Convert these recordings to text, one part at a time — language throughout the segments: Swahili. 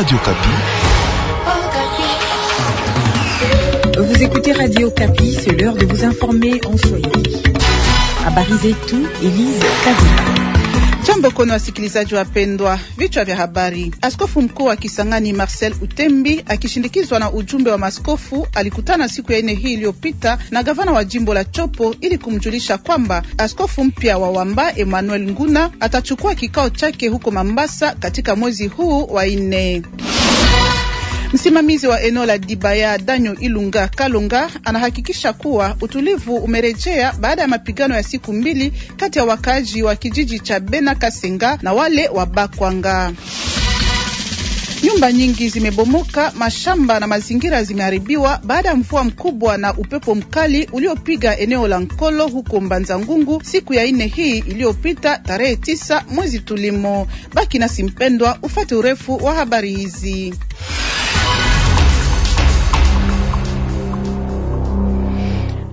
Radio Capi Vous écoutez Radio Capi, c'est l'heure de vous informer en à bariser tout, Elise Kazima. Jambo kono wasikilizaji wapendwa, vichwa vya habari. Askofu mkuu wa Kisangani Marcel Utembi akishindikizwa na ujumbe wa maskofu alikutana siku ya ine hii iliyopita na gavana wa jimbo la Chopo ili kumjulisha kwamba askofu mpya wa Wamba Emmanuel Nguna atachukua kikao chake huko Mambasa katika mwezi huu wa ine. Msimamizi wa eneo la Dibaya Danyo Ilunga Kalunga anahakikisha kuwa utulivu umerejea baada ya mapigano ya siku mbili kati ya wakaaji wa kijiji cha Bena Kasenga na wale wa Bakwanga. Nyumba nyingi zimebomoka, mashamba na mazingira zimeharibiwa baada ya mvua mkubwa na upepo mkali uliopiga eneo la Nkolo huko Mbanza Ngungu siku ya ine hii iliyopita tarehe tisa mwezi tulimo. Baki nasi mpendwa, ufate urefu wa habari hizi.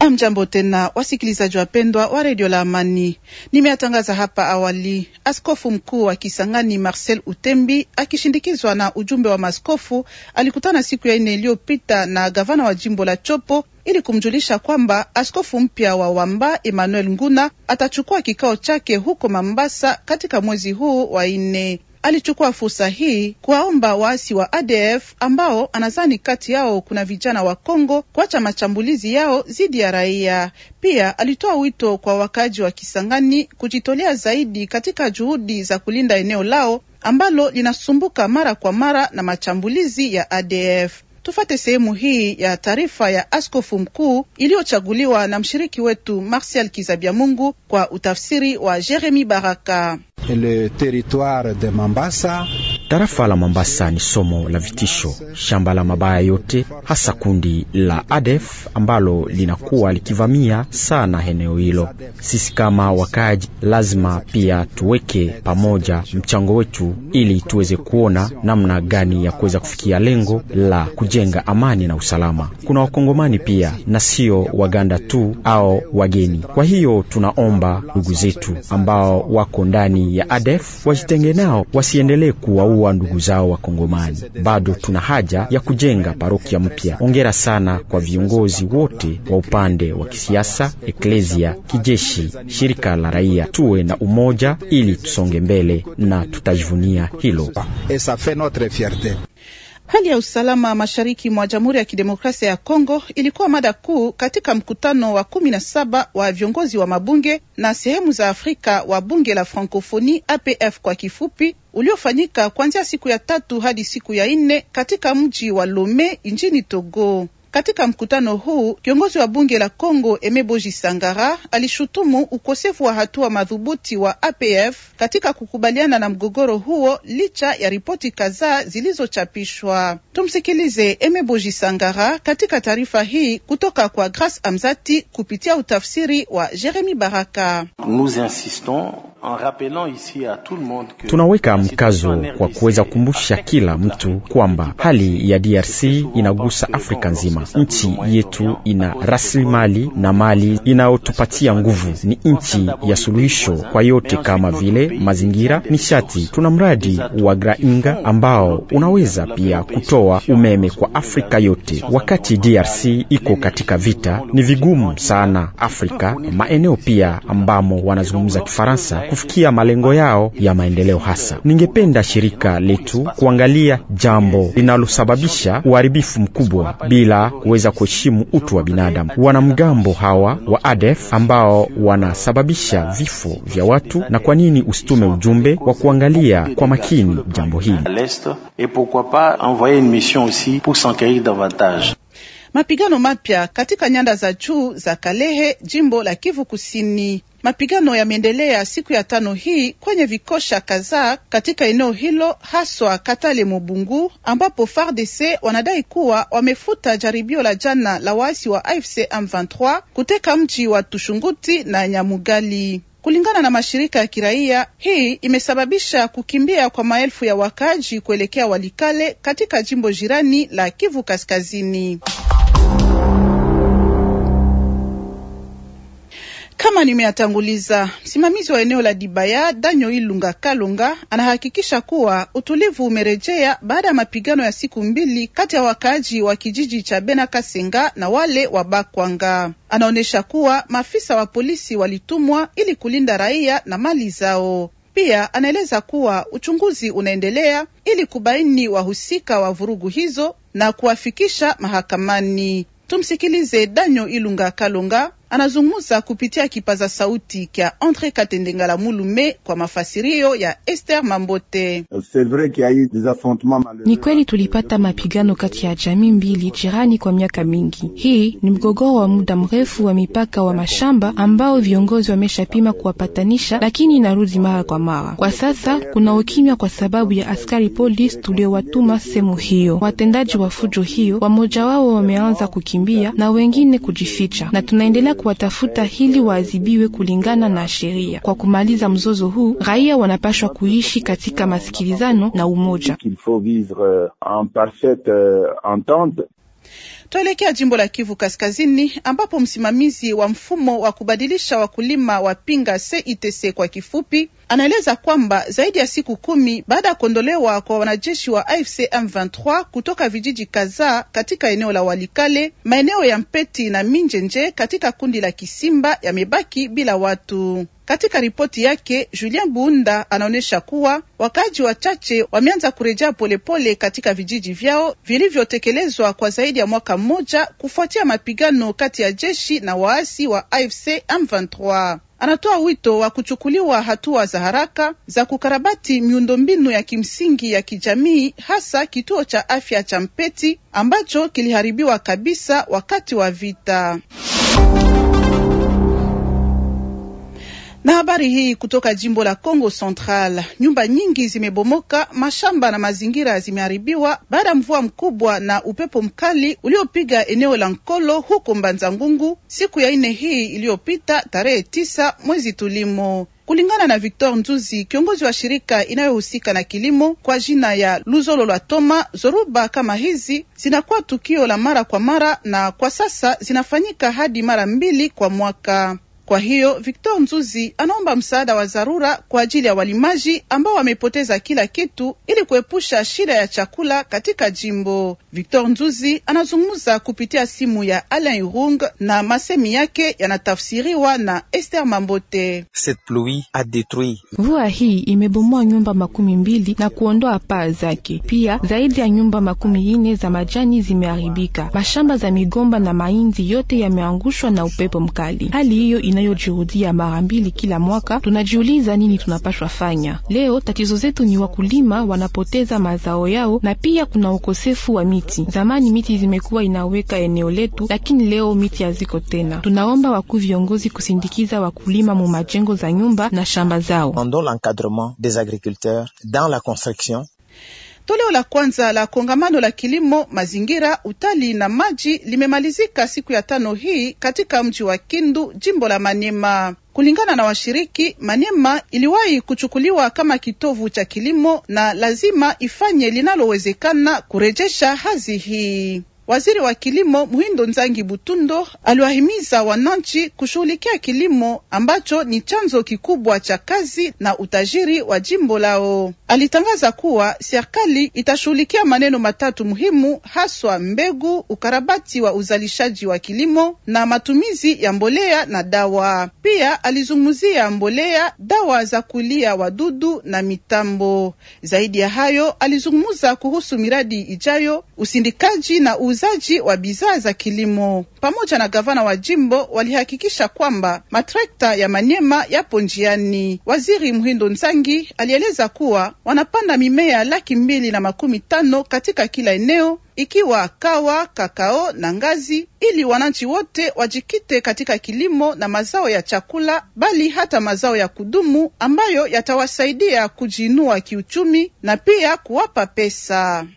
Amjambo tena wasikilizaji wapendwa wa redio la Amani. Nimeatangaza hapa awali, askofu mkuu wa Kisangani Marcel Utembi akishindikizwa na ujumbe wa maskofu alikutana siku ya nne iliyopita na gavana wa jimbo la Chopo ili kumjulisha kwamba askofu mpya wa Wamba Emmanuel Nguna atachukua kikao chake huko Mambasa katika mwezi huu wa nne alichukua fursa hii kuwaomba waasi wa ADF ambao anazani kati yao kuna vijana wa Kongo kuacha mashambulizi yao dhidi ya raia. Pia alitoa wito kwa wakaaji wa Kisangani kujitolea zaidi katika juhudi za kulinda eneo lao ambalo linasumbuka mara kwa mara na mashambulizi ya ADF. Tufate sehemu hii ya taarifa ya askofu mkuu iliyochaguliwa na mshiriki wetu Martial mungu kwa utafsiri wa Jeremi Baraka. Le territoire de Mambasa Tarafa la Mambasa ni somo la vitisho, shamba la mabaya yote, hasa kundi la ADF ambalo linakuwa likivamia sana eneo hilo. Sisi kama wakaaji lazima pia tuweke pamoja mchango wetu, ili tuweze kuona namna gani ya kuweza kufikia lengo la kuj kujenga amani na usalama. Kuna wakongomani pia na sio waganda tu au wageni. Kwa hiyo tunaomba ndugu zetu ambao wako ndani ya ADF wajitenge nao, wasiendelee kuwaua ndugu zao wakongomani. Bado tuna haja ya kujenga parokia mpya. Ongera sana kwa viongozi wote wa upande wa kisiasa, eklezia kijeshi, shirika la raia. Tuwe na umoja ili tusonge mbele na tutajivunia hilo. Hali ya usalama mashariki mwa Jamhuri ya Kidemokrasia ya Kongo ilikuwa mada kuu katika mkutano wa kumi na saba wa viongozi wa mabunge na sehemu za Afrika wa bunge la Francofoni, APF kwa kifupi, uliofanyika kuanzia siku ya tatu hadi siku ya nne katika mji wa Lome nchini Togo. Katika mkutano huu kiongozi wa bunge la Kongo Emeboji Sangara alishutumu ukosefu wa hatua madhubuti wa APF katika kukubaliana na mgogoro huo licha ya ripoti kadhaa zilizochapishwa. Tumsikilize Emeboji Sangara katika taarifa hii kutoka kwa Grace Amzati kupitia utafsiri wa Jeremy Baraka. Nous insistons tunaweka mkazo kwa kuweza kukumbusha kila mtu kwamba hali ya DRC inagusa Afrika nzima. Nchi yetu ina rasilimali na mali inayotupatia nguvu. Ni nchi ya suluhisho kwa yote kama vile mazingira, nishati. Tuna mradi wa Grainga ambao unaweza pia kutoa umeme kwa Afrika yote. Wakati DRC iko katika vita, ni vigumu sana Afrika, maeneo pia ambamo wanazungumza Kifaransa kufikia malengo yao ya maendeleo. Hasa ningependa shirika letu kuangalia jambo linalosababisha uharibifu mkubwa bila kuweza kuheshimu utu wa binadamu. Wanamgambo hawa wa ADF ambao wanasababisha vifo vya watu, na kwa nini usitume ujumbe wa kuangalia kwa makini jambo hili? Mapigano mapya katika nyanda za juu za Kalehe, jimbo la Kivu Kusini. Mapigano yameendelea siku ya tano hii kwenye vikosha kadhaa katika eneo hilo, haswa Katale Mubungu, ambapo FARDC wanadai kuwa wamefuta jaribio la jana la waasi wa AFC M23 kuteka mji wa Tushunguti na Nyamugali. Kulingana na mashirika ya kiraia, hii imesababisha kukimbia kwa maelfu ya wakaaji kuelekea Walikale katika jimbo jirani la Kivu Kaskazini. Kama nimeyatanguliza, msimamizi wa eneo la Dibaya Danyo Ilunga Kalunga anahakikisha kuwa utulivu umerejea baada ya mapigano ya siku mbili kati ya wakaaji wa kijiji cha Bena na wale wa Bakwanga. Anaonyesha kuwa maafisa wa polisi walitumwa ili kulinda raia na mali zao. Pia anaeleza kuwa uchunguzi unaendelea ili kubaini wahusika wa vurugu hizo na kuwafikisha mahakamani. Tumsikilize Danyo Ilunga Kalunga Anazungumza kupitia kipaza sauti kya Andre Katendengala Mulume kwa mafasirio ya Esther Mambote. Ni kweli tulipata mapigano kati ya jamii mbili jirani kwa miaka mingi. Hii ni mgogoro wa muda mrefu wa mipaka wa mashamba ambao viongozi wameshapima kuwapatanisha, lakini inarudi mara kwa mara. Kwa sasa kuna ukimya kwa sababu ya askari polisi tuliowatuma sehemu hiyo. Watendaji wa fujo hiyo, wamoja wao wameanza kukimbia na wengine kujificha, na tunaendelea kuwatafuta hili waadhibiwe kulingana na sheria. Kwa kumaliza mzozo huu, raia wanapashwa kuishi katika masikilizano na umoja. Euh, euh, Tuelekea jimbo la Kivu Kaskazini ambapo msimamizi wa mfumo wa kubadilisha wakulima wa pinga CITC kwa kifupi anaeleza kwamba zaidi ya siku kumi baada ya kuondolewa kwa wanajeshi wa AFC M23 kutoka vijiji kadhaa katika eneo la Walikale, maeneo ya Mpeti na Minjenje katika kundi la Kisimba yamebaki bila watu. Katika ripoti yake Julien Buunda anaonyesha kuwa wakaaji wachache wameanza kurejea polepole katika vijiji vyao vilivyotekelezwa kwa zaidi ya mwaka mmoja kufuatia mapigano kati ya jeshi na waasi wa AFC M23 anatoa wito wa kuchukuliwa hatua za haraka za kukarabati miundombinu ya kimsingi ya kijamii hasa kituo cha afya cha Mpeti ambacho kiliharibiwa kabisa wakati wa vita. Na habari hii kutoka jimbo la congo Central, nyumba nyingi zimebomoka, mashamba na mazingira zimeharibiwa baada ya mvua mkubwa na upepo mkali uliopiga eneo la Nkolo huko Mbanza Ngungu siku ya nne hii iliyopita, tarehe tisa mwezi tulimo. Kulingana na Victor Nzuzi, kiongozi wa shirika inayohusika na kilimo kwa jina ya Luzolo lwa Toma, zoruba kama hizi zinakuwa tukio la mara kwa mara, na kwa sasa zinafanyika hadi mara mbili kwa mwaka. Kwa hiyo Victor Nzuzi anaomba msaada wa dharura kwa ajili ya walimaji ambao wamepoteza kila kitu ili kuepusha shida ya chakula katika jimbo. Victor Nzuzi anazungumza kupitia simu ya Alain Irung na masemi yake yanatafsiriwa na Esther Mambote. Mvua hii imebomoa nyumba makumi mbili na kuondoa paa zake. Pia zaidi ya nyumba makumi ine za majani zimeharibika. Mashamba za migomba na mahindi yote yameangushwa na upepo mkali. Hali hiyo inayojirudia mara mbili kila mwaka, tunajiuliza nini tunapashwa fanya leo. Tatizo zetu ni wakulima wanapoteza mazao yao, na pia kuna ukosefu wa miti. Zamani miti zimekuwa inaweka eneo letu, lakini leo miti haziko tena. Tunaomba wakuu viongozi kusindikiza wakulima mu majengo za nyumba na shamba zao. Toleo la kwanza la kongamano la kilimo, mazingira, utalii na maji limemalizika siku ya tano hii katika mji wa Kindu, jimbo la manema Kulingana na washiriki, manema iliwahi kuchukuliwa kama kitovu cha kilimo na lazima ifanye linalowezekana kurejesha hadhi hii. Waziri wa kilimo Mhindo Nzangi Butundo aliwahimiza wananchi kushughulikia kilimo ambacho ni chanzo kikubwa cha kazi na utajiri wa jimbo lao. Alitangaza kuwa serikali itashughulikia maneno matatu muhimu, haswa mbegu, ukarabati wa uzalishaji wa kilimo na matumizi ya mbolea na dawa. Pia alizungumzia mbolea, dawa za kulia wadudu na mitambo. Zaidi ya hayo, alizungumza kuhusu miradi ijayo, usindikaji na uz wauzaji wa bidhaa za kilimo pamoja na gavana wa jimbo walihakikisha kwamba matrekta ya Manyema yapo njiani. Waziri Mhindo Nsangi alieleza kuwa wanapanda mimea laki mbili na makumi tano katika kila eneo ikiwa kawa, kakao na ngazi, ili wananchi wote wajikite katika kilimo na mazao ya chakula, bali hata mazao ya kudumu ambayo yatawasaidia kujiinua kiuchumi na pia kuwapa pesa.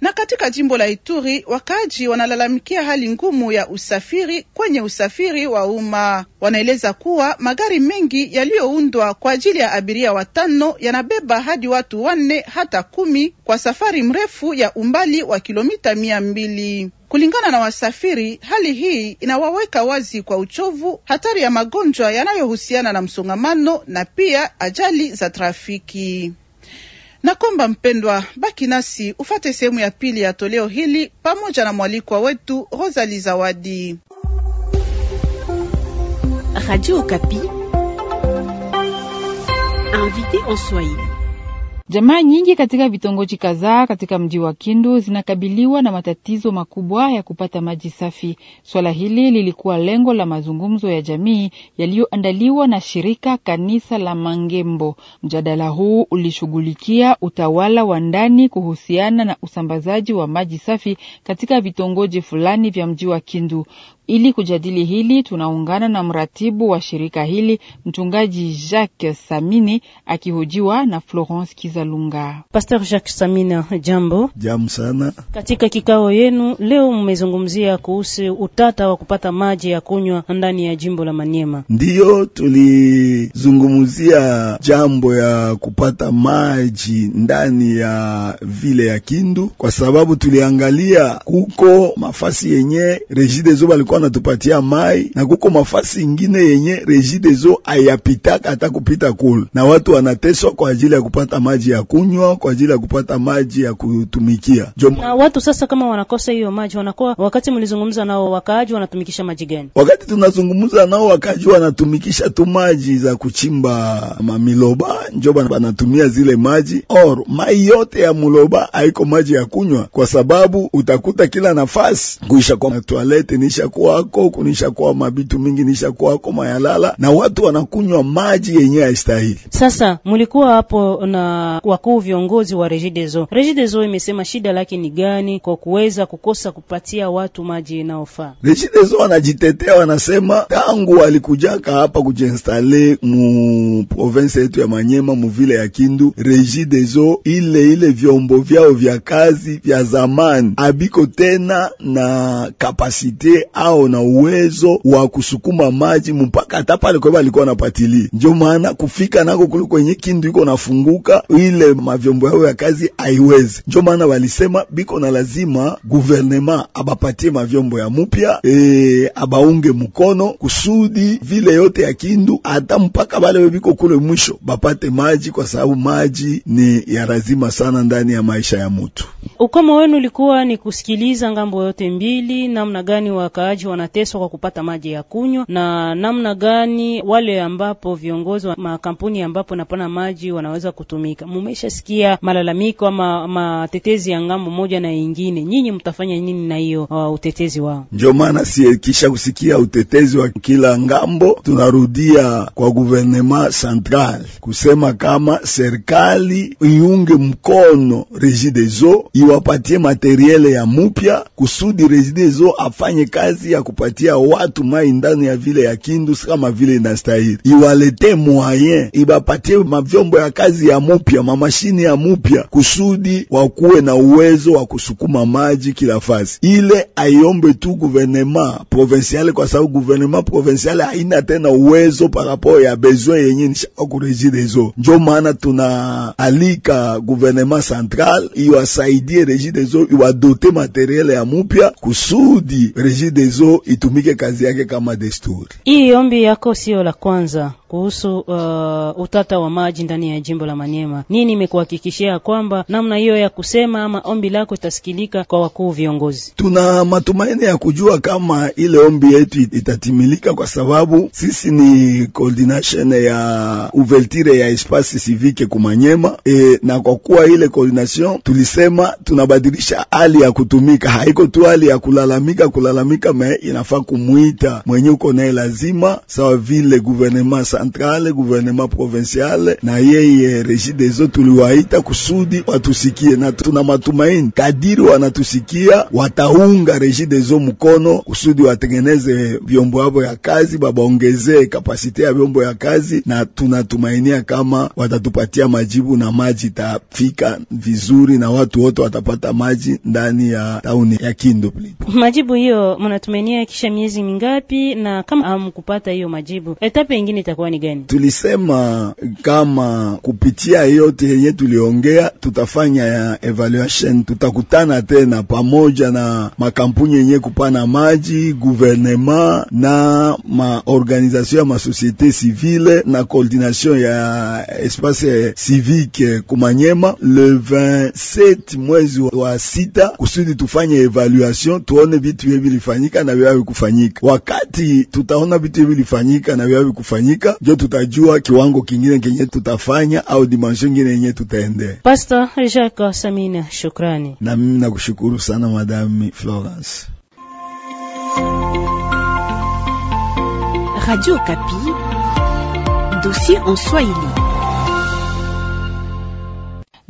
Na katika jimbo la Ituri wakaaji wanalalamikia hali ngumu ya usafiri kwenye usafiri wa umma. Wanaeleza kuwa magari mengi yaliyoundwa kwa ajili ya abiria watano yanabeba hadi watu wanne hata kumi kwa safari mrefu ya umbali wa kilomita mia mbili. Kulingana na wasafiri, hali hii inawaweka wazi kwa uchovu, hatari ya magonjwa yanayohusiana na msongamano na pia ajali za trafiki. Nakomba mpendwa, baki nasi ufate sehemu ya pili ya toleo hili pamoja na mwalikwa wetu Rosali Zawadi. Radio Okapi, invité en Swahili. Jamaa nyingi katika vitongoji kadhaa katika mji wa Kindu zinakabiliwa na matatizo makubwa ya kupata maji safi. Swala hili lilikuwa lengo la mazungumzo ya jamii yaliyoandaliwa na shirika kanisa la Mangembo. Mjadala huu ulishughulikia utawala wa ndani kuhusiana na usambazaji wa maji safi katika vitongoji fulani vya mji wa Kindu. Ili kujadili hili, tunaungana na mratibu wa shirika hili mchungaji Jacques Samini akihojiwa na Florence Kizalunga. Pastor Jacques Samina, jambo. Jambo sana. Katika kikao yenu leo mmezungumzia kuhusu utata wa kupata maji ya kunywa ndani ya jimbo la Maniema. Ndiyo, tulizungumzia jambo ya kupata maji ndani ya vile ya Kindu kwa sababu tuliangalia kuko mafasi yenye Regideso balikuwa wanatupatia mai na kuko mafasi ingine yenye rejidezo ayapitaka hata kupita kule, na watu wanateswa kwa ajili ya kupata maji ya kunywa, kwa ajili ya kupata maji ya kutumikia Jom... na watu sasa kama wanakosa hiyo maji wanakuwa, wakati mlizungumza nao wakaaji wanatumikisha maji gani? Wakati tunazungumza nao wakaaji wanatumikisha tu maji za kuchimba mamiloba, njo banatumia zile maji or mai yote ya muloba haiko maji ya kunywa, kwa sababu utakuta kila nafasi kuisha kwa toilette nisha kwako, kwa mabitu mingi nisha kwako mayalala, na watu wanakunywa maji yenye haistahili. Sasa mulikuwa hapo na wakuu viongozi wa Regideso. Regideso imesema shida lake ni gani kwa kuweza kukosa kupatia watu maji inayofaa. Regideso wanajitetea, wanasema tangu walikujaka hapa kujiinstale mu province yetu ya Manyema muvile ya Kindu, Regideso ile ile vyombo vyao vya kazi vya zamani abiko tena na kapasite au wao na uwezo wa kusukuma maji mpaka hata pale kwa alikuwa anapatili. Ndio maana kufika nako kule kwenye kindu iko nafunguka ile mavyombo yao ya kazi haiwezi. Ndio maana walisema biko na lazima guvernema abapatie mavyombo ya mupya e, abaunge mkono kusudi vile yote ya kindu hata mpaka bale biko kule mwisho bapate maji, kwa sababu maji ni ya lazima sana ndani ya maisha ya mtu. Ukomo wenu ulikuwa ni kusikiliza ngambo yote mbili, namna gani wakaaji wanateswa kwa kupata maji ya kunywa, na namna gani wale ambapo viongozi wa makampuni ambapo napana maji wanaweza kutumika. Mumeshasikia malalamiko ama matetezi ya ngambo moja na ingine, nyinyi mtafanya nini na hiyo uh, utetezi wao? Ndio maana kisha kusikia utetezi wa kila ngambo, tunarudia kwa guvernema central kusema kama serikali iunge mkono Regideso iwapatie materiele ya mupya kusudi Regideso afanye kazi ya kupatia watu mai ndani ya vile ya Kindu kama vile inastahili, iwalete moyen, ibapatie mavyombo ya kazi ya mupya, mamashini ya mupya, kusudi wakuwe na uwezo wa kusukuma maji kila fasi. Ile aiombe tu guvernema provinciale, kwa sababu guvernema provinciale haina tena uwezo parapo ya besoin yenye nishakureji rezo. Njo maana tunaalika guvernema central iwasaidie reji rezo, iwadote materiele ya mupya kusudi reji rezo hizo itumike kazi yake kama desturi. Hii ombi yako sio la kwanza kuhusu uh, utata wa maji ndani ya jimbo la manyema Nini imekuhakikishia kwamba namna hiyo ya kusema ama ombi lako itasikilika kwa wakuu viongozi? Tuna matumaini ya kujua kama ile ombi yetu itatimilika, kwa sababu sisi ni coordination ya ouverture ya espace civique kumanyema e, na kwa kuwa ile coordination tulisema tunabadilisha hali ya kutumika, haiko tu hali ya kulalamika kulalamika, me inafaa kumwita mwenye uko naye lazima, sawa vile gouvernement centrale, gouvernement provinciale na yeye Regideso tuliwaita kusudi watusikie, na tuna matumaini kadiri wanatusikia wataunga Regideso mkono kusudi watengeneze vyombo yavo ya kazi, babaongeze kapasite ya vyombo ya kazi, na tunatumainia kama watatupatia majibu na maji itafika vizuri na watu wote watapata maji ndani ya tauni ya Kindu. Majibu hiyo mnatumainia kisha miezi mingapi? Na kama hamkupata hiyo majibu, etape nyingine itakuwa ilikuwa ni gani? Tulisema kama kupitia yote yenye tuliongea, tutafanya ya evaluation, tutakutana tena pamoja na makampuni yenye kupana maji, guvernema na maorganizasio ya masosiete civile na koordination ya espace civique kumanyema le 27 mwezi wa sita, kusudi tufanye evaluation, tuone vitu hivi vilifanyika na vyawe Wakati tutaona vitu hivi vilifanyika na vyawe njo tutajua kiwango kingine kenye tutafanya au dimension ingine yenye tutaendea. Pastor Jacques Samina, shukrani. Na mimi nakushukuru sana madami Florence. Radio Kapi, dossier en Swahili.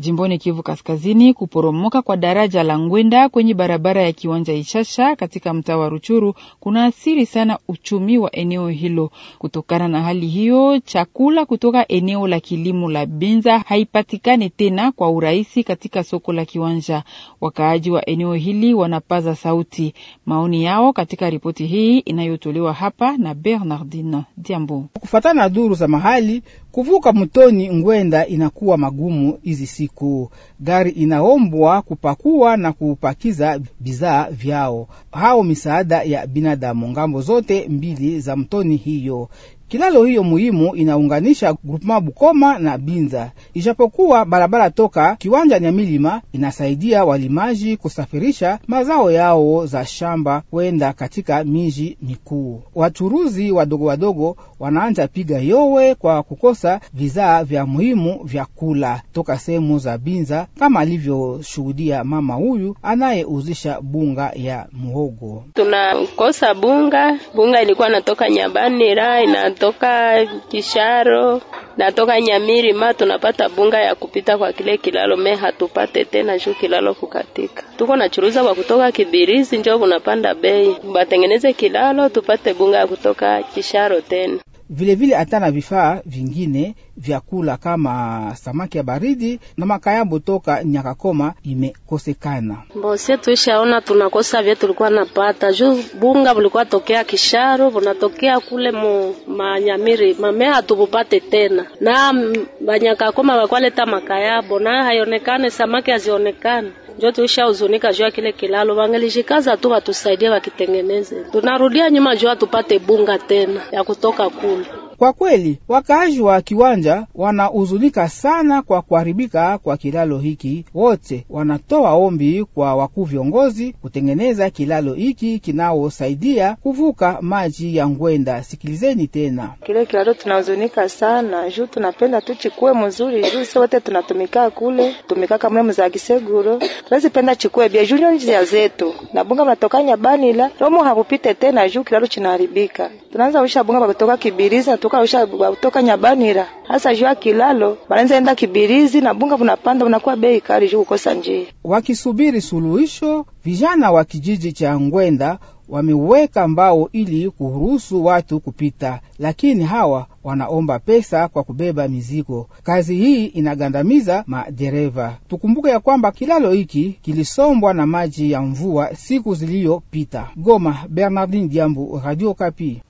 Jimboni Kivu Kaskazini, kuporomoka kwa daraja la Ngwenda kwenye barabara ya Kiwanja Ishasha katika mtaa wa Ruchuru kunaathiri sana uchumi wa eneo hilo. Kutokana na hali hiyo, chakula kutoka eneo la kilimo la Binza haipatikani tena kwa urahisi katika soko la Kiwanja. Wakaaji wa eneo hili wanapaza sauti maoni yao katika ripoti hii inayotolewa hapa na bernardin Diambo. Kufatana na duru za mahali Kuvuka mtoni Ngwenda inakuwa magumu hizi siku, gari inaombwa kupakua na kupakiza bidhaa vyao hao misaada ya binadamu ngambo zote mbili za mtoni hiyo. Kilalo hiyo muhimu inaunganisha grupema Bukoma na Binza, ijapokuwa barabara toka kiwanja nya milima inasaidia walimaji kusafirisha mazao yao za shamba kwenda katika miji mikuu. Wachuruzi wadogo wadogo wanaanza piga yowe kwa kukosa vizaa vya muhimu vya kula toka sehemu za Binza, kama alivyoshuhudia mama huyu anayeuzisha bunga ya muhogo. Tunakosa bunga, bunga ilikuwa natoka Nyabanira ina natoka Kisharo, natoka Nyamiri ma tunapata bunga ya kupita kwa kile kilalo, me hatupate tena juu kilalo kukatika. Tuko nachuruza kwa kutoka Kibirizi, njo kunapanda bei, batengeneze kilalo tupate bunga ya kutoka Kisharo tena vilevile hata na vifaa vingine vya kula kama samaki ya baridi na makayabo toka Nyakakoma imekosekana. Bose tuishaona tunakosa vye tulikuwa napata juu bunga bulikuwa tokea Kisharo bunatokea kule mu Manyamiri mamea hatubupate tena, na Banyakakoma bakwaleta makayabo na hayonekane samaki hazionekane njo tuishahuzunika juu ya kile kilalo, wangelishikaza tu watusaidie wakitengeneze, tunarudia nyuma juu tupate bunga tena ya kutoka kule. Kwa kweli wakaaji wa Kiwanja wanahuzunika sana kwa kuharibika kwa kilalo hiki. Wote wanatoa ombi kwa wakuu viongozi kutengeneza kilalo hiki kinaosaidia kuvuka maji ya Ngwenda. Sikilizeni tena. Kile kilalo tunahuzunika sana juu tunapenda tu chikue mzuri juu sote tunatumika kule tumika kama mza kiseguro tuwezi penda chikue bia junior ya zetu na bunga matokanya banila la romo hakupite tena juu kilalo chinaharibika. Tunaanza usha bunga kutoka kibiriza tu batoka usha batoka nyabanira hasa jua kilalo banaweza enda kibirizi na bunga vunapanda vunakuwa bei kari juu kukosa njia. Wakisubiri suluhisho, vijana wa kijiji cha Ngwenda wameweka mbao ili kuruhusu watu kupita, lakini hawa wanaomba pesa kwa kubeba mizigo. Kazi hii inagandamiza madereva. Tukumbuke ya kwamba kilalo hiki kilisombwa na maji ya mvua siku ziliyopita. Goma, Bernardin Diambu, Radio Kapi.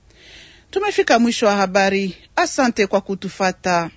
Tumefika mwisho wa habari. Asante kwa kutufata.